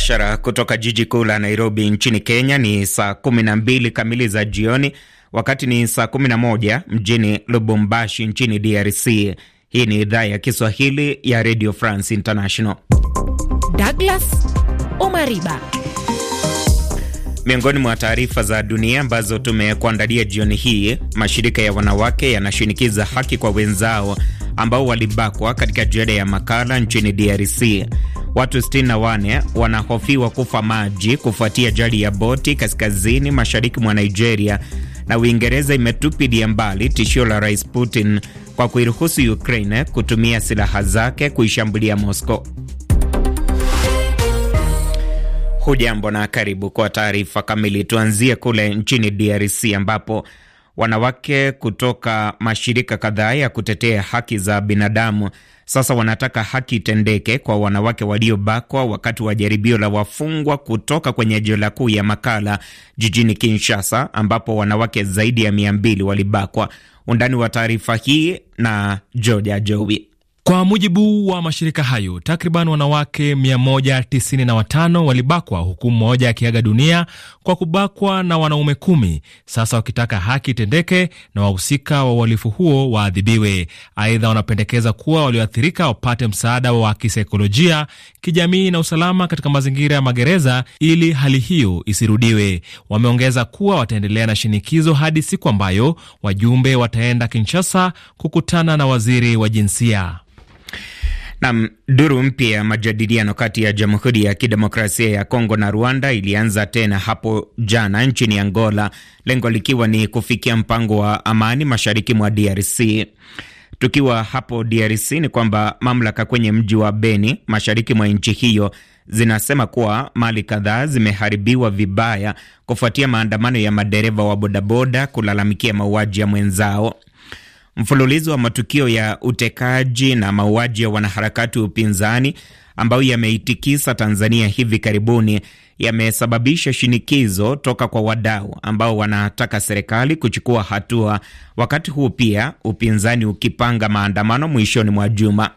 mubashara kutoka jiji kuu la Nairobi nchini Kenya. Ni saa 12 kamili za jioni, wakati ni saa 11 mjini Lubumbashi nchini DRC. Hii ni idhaa ya Kiswahili ya Radio France International. Douglas Omariba, miongoni mwa taarifa za dunia ambazo tumekuandalia jioni hii, mashirika ya wanawake yanashinikiza haki kwa wenzao ambao walibakwa katika jela ya Makala nchini DRC. Watu 64 wanahofiwa kufa maji kufuatia ajali ya boti kaskazini mashariki mwa Nigeria, na Uingereza imetupilia mbali tishio la Rais Putin kwa kuiruhusu Ukraine kutumia silaha zake kuishambulia Moscow. Hujambo na karibu kwa taarifa kamili. Tuanzie kule nchini DRC ambapo Wanawake kutoka mashirika kadhaa ya kutetea haki za binadamu sasa wanataka haki itendeke kwa wanawake waliobakwa wakati wa jaribio la wafungwa kutoka kwenye jela kuu ya Makala jijini Kinshasa, ambapo wanawake zaidi ya mia mbili walibakwa. Undani wa taarifa hii na Joja Jowi. Kwa mujibu wa mashirika hayo, takriban wanawake 195 walibakwa huku mmoja akiaga dunia kwa kubakwa na wanaume kumi, sasa wakitaka haki itendeke na wahusika wa uhalifu huo waadhibiwe. Aidha, wanapendekeza kuwa walioathirika wapate msaada wa kisaikolojia, kijamii na usalama katika mazingira ya magereza ili hali hiyo isirudiwe. Wameongeza kuwa wataendelea na shinikizo hadi siku ambayo wajumbe wataenda Kinshasa kukutana na waziri wa jinsia. Nam, duru mpya ya majadiliano kati ya Jamhuri ya Kidemokrasia ya Kongo na Rwanda ilianza tena hapo jana nchini Angola, lengo likiwa ni kufikia mpango wa amani mashariki mwa DRC. Tukiwa hapo DRC ni kwamba mamlaka kwenye mji wa Beni mashariki mwa nchi hiyo zinasema kuwa mali kadhaa zimeharibiwa vibaya kufuatia maandamano ya madereva wa bodaboda kulalamikia mauaji ya mwenzao. Mfululizo wa matukio ya utekaji na mauaji ya wanaharakati wa upinzani ambayo yameitikisa Tanzania hivi karibuni yamesababisha shinikizo toka kwa wadau ambao wanataka serikali kuchukua hatua, wakati huu pia upinzani ukipanga maandamano mwishoni mwa juma.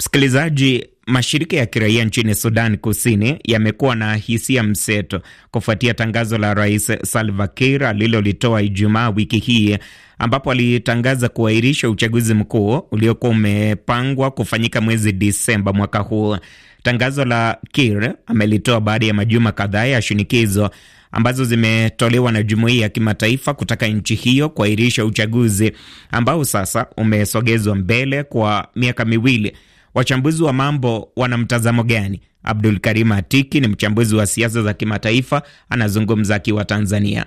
Msikilizaji, Mashirika ya kiraia nchini Sudan Kusini yamekuwa na hisia mseto kufuatia tangazo la Rais Salva Kiir alilolitoa Ijumaa wiki hii ambapo alitangaza kuahirisha uchaguzi mkuu uliokuwa umepangwa kufanyika mwezi Disemba mwaka huu. Tangazo la Kiir amelitoa baada ya majuma kadhaa ya shinikizo ambazo zimetolewa na jumuiya ya kimataifa kutaka nchi hiyo kuahirisha uchaguzi ambao sasa umesogezwa mbele kwa miaka miwili wachambuzi wa mambo wana mtazamo gani? Abdul Karim Atiki ni mchambuzi wa siasa za kimataifa, anazungumza akiwa Tanzania.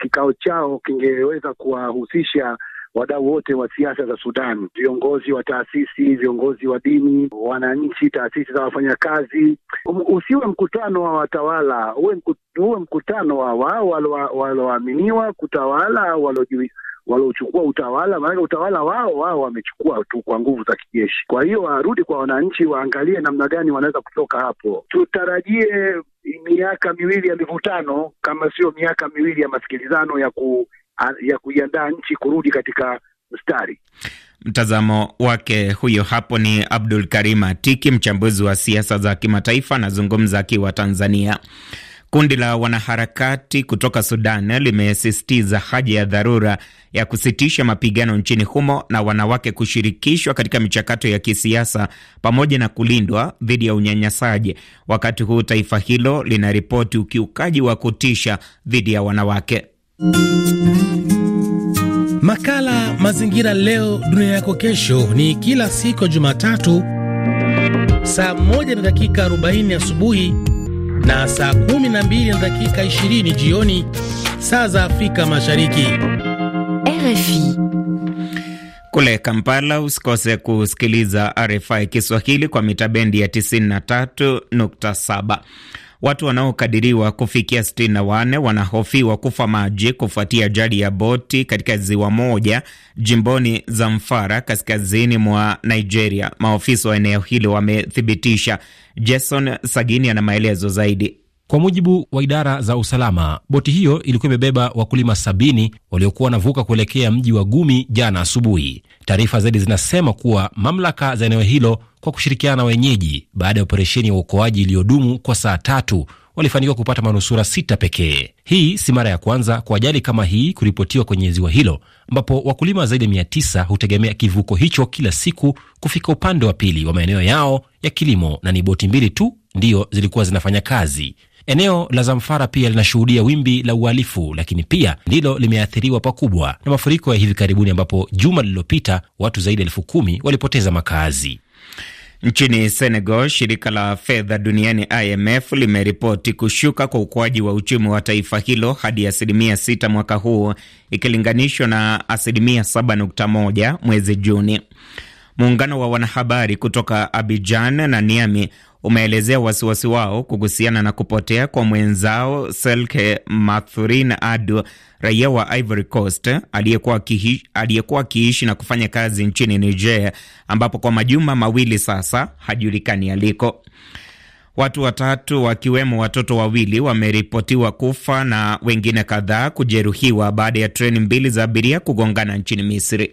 Kikao chao kingeweza kuwahusisha wadau wote wa siasa za Sudan, viongozi wa taasisi, viongozi wa dini, wananchi, taasisi za wafanyakazi. Um, usiwe mkutano wa watawala, uwe mkutano wa wao walioaminiwa kutawala au waliochukua utawala, maanake utawala wao wao wamechukua tu kwa nguvu za kijeshi. Kwa hiyo warudi kwa wananchi, waangalie namna gani wanaweza kutoka hapo. Tutarajie miaka miwili ya mivutano, kama sio miaka miwili ya masikilizano ya ku, ya kuiandaa nchi kurudi katika mstari. Mtazamo wake huyo hapo ni Abdul Karim Atiki, mchambuzi wa siasa za kimataifa, anazungumza akiwa Tanzania. Kundi la wanaharakati kutoka Sudan limesisitiza haja ya dharura ya kusitisha mapigano nchini humo na wanawake kushirikishwa katika michakato ya kisiasa pamoja na kulindwa dhidi ya unyanyasaji, wakati huu taifa hilo linaripoti ukiukaji wa kutisha dhidi ya wanawake. Makala Mazingira Leo Dunia Yako Kesho ni kila siku Jumatatu saa 1 na dakika 40 asubuhi na saa 12 na dakika 20 jioni saa za Afrika Mashariki. RFI kule Kampala, usikose kusikiliza RFI Kiswahili kwa mita bendi ya 93.7. Watu wanaokadiriwa kufikia sitini wanahofiwa kufa maji kufuatia ajali ya boti katika ziwa moja jimboni Zamfara, kaskazini mwa Nigeria. Maofisa wa eneo hilo wamethibitisha. Jason Sagini ana maelezo zaidi. Kwa mujibu wa idara za usalama, boti hiyo ilikuwa imebeba wakulima sabini waliokuwa wanavuka kuelekea mji wa Gumi jana asubuhi. Taarifa zaidi zinasema kuwa mamlaka za eneo hilo kwa kushirikiana na wenyeji, baada ya operesheni ya uokoaji iliyodumu kwa saa tatu, walifanikiwa kupata manusura sita pekee. Hii si mara ya kwanza kwa ajali kama hii kuripotiwa kwenye ziwa hilo, ambapo wakulima zaidi ya mia tisa hutegemea kivuko hicho kila siku kufika upande wa pili wa maeneo yao ya kilimo, na ni boti mbili tu ndiyo zilikuwa zinafanya kazi. Eneo la Zamfara pia linashuhudia wimbi la uhalifu, lakini pia ndilo limeathiriwa pakubwa na mafuriko ya hivi karibuni, ambapo juma lililopita watu zaidi ya elfu kumi walipoteza makazi. Nchini Senegal, shirika la fedha duniani IMF limeripoti kushuka kwa ukuaji wa uchumi wa taifa hilo hadi asilimia 6 mwaka huu ikilinganishwa na asilimia 7.1 mwezi Juni. Muungano wa wanahabari kutoka Abidjan na Niami umeelezea wasiwasi wao kuhusiana na kupotea kwa mwenzao Selke Mathurin Adu, raia wa Ivory Coast aliyekuwa akiishi na kufanya kazi nchini Niger, ambapo kwa majuma mawili sasa hajulikani aliko. Watu watatu wakiwemo watoto wawili wameripotiwa kufa na wengine kadhaa kujeruhiwa baada ya treni mbili za abiria kugongana nchini Misri.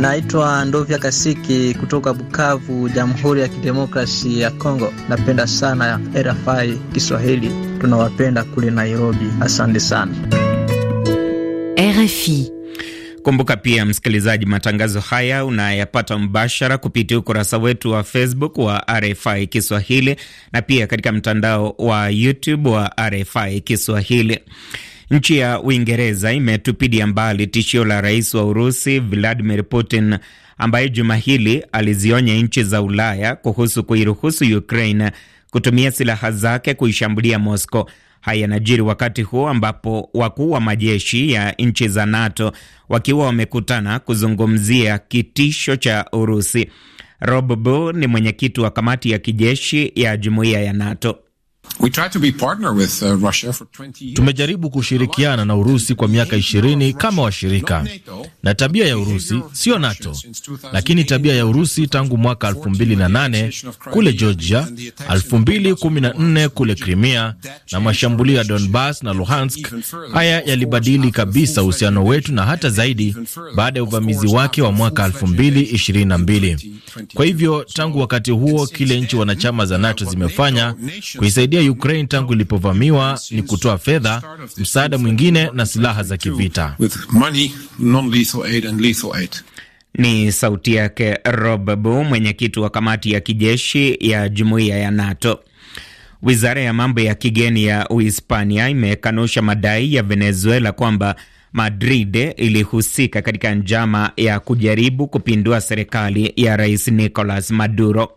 Naitwa Ndovya Kasiki kutoka Bukavu, Jamhuri ya Kidemokrasi ya Kongo. Napenda sana RFI Kiswahili, tunawapenda kule Nairobi. Asante sana RFI. Kumbuka pia msikilizaji, matangazo haya unayapata mbashara kupitia ukurasa wetu wa Facebook wa RFI Kiswahili na pia katika mtandao wa YouTube wa RFI Kiswahili. Nchi ya Uingereza imetupidia mbali tishio la rais wa Urusi Vladimir Putin ambaye juma hili alizionya nchi za Ulaya kuhusu kuiruhusu Ukraine kutumia silaha zake kuishambulia Moscow. Haya yanajiri wakati huo ambapo wakuu wa majeshi ya nchi za NATO wakiwa wamekutana kuzungumzia kitisho cha Urusi. Rob bu ni mwenyekiti wa kamati ya kijeshi ya jumuiya ya NATO. Uh, Tumejaribu kushirikiana na Urusi kwa miaka ishirini kama washirika, na tabia ya Urusi sio NATO, lakini tabia ya Urusi tangu mwaka 2008 kule Georgia, 2014 kule Crimea na mashambulio ya Donbas na Luhansk, haya yalibadili kabisa uhusiano wetu na hata zaidi baada ya uvamizi wake wa mwaka 2022. Kwa hivyo tangu wakati huo kile nchi wanachama za NATO zimefanya kuisaidia ya Ukraine tangu ilipovamiwa ni kutoa fedha, msaada mwingine na silaha za kivita. Ni sauti yake Rob Boo, mwenyekiti wa kamati ya kijeshi ya jumuiya ya NATO. Wizara ya mambo ya kigeni ya Uhispania imekanusha madai ya Venezuela kwamba Madrid ilihusika katika njama ya kujaribu kupindua serikali ya rais Nicolas Maduro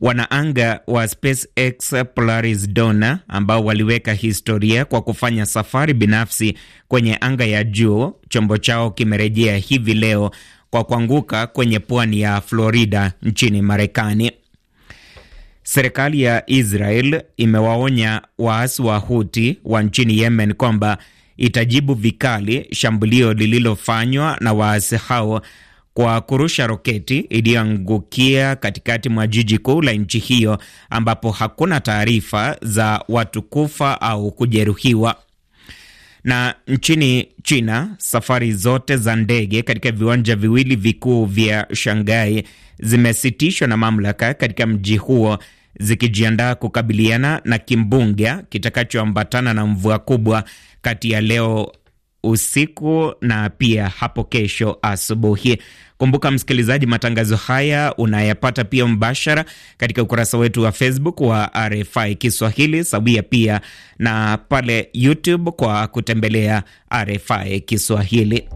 wanaanga wa SpaceX Polaris Dona ambao waliweka historia kwa kufanya safari binafsi kwenye anga ya juu. Chombo chao kimerejea hivi leo kwa kuanguka kwenye pwani ya Florida nchini Marekani. Serikali ya Israel imewaonya waasi wa Huti wa nchini Yemen kwamba itajibu vikali shambulio lililofanywa na waasi hao kwa kurusha roketi iliyoangukia katikati mwa jiji kuu la nchi hiyo ambapo hakuna taarifa za watu kufa au kujeruhiwa. Na nchini China, safari zote za ndege katika viwanja viwili vikuu vya Shanghai zimesitishwa na mamlaka katika mji huo zikijiandaa kukabiliana na kimbunga kitakachoambatana na mvua kubwa kati ya leo usiku na pia hapo kesho asubuhi. Kumbuka msikilizaji, matangazo haya unayapata pia mbashara katika ukurasa wetu wa Facebook wa RFI Kiswahili sawia, pia na pale YouTube kwa kutembelea RFI Kiswahili.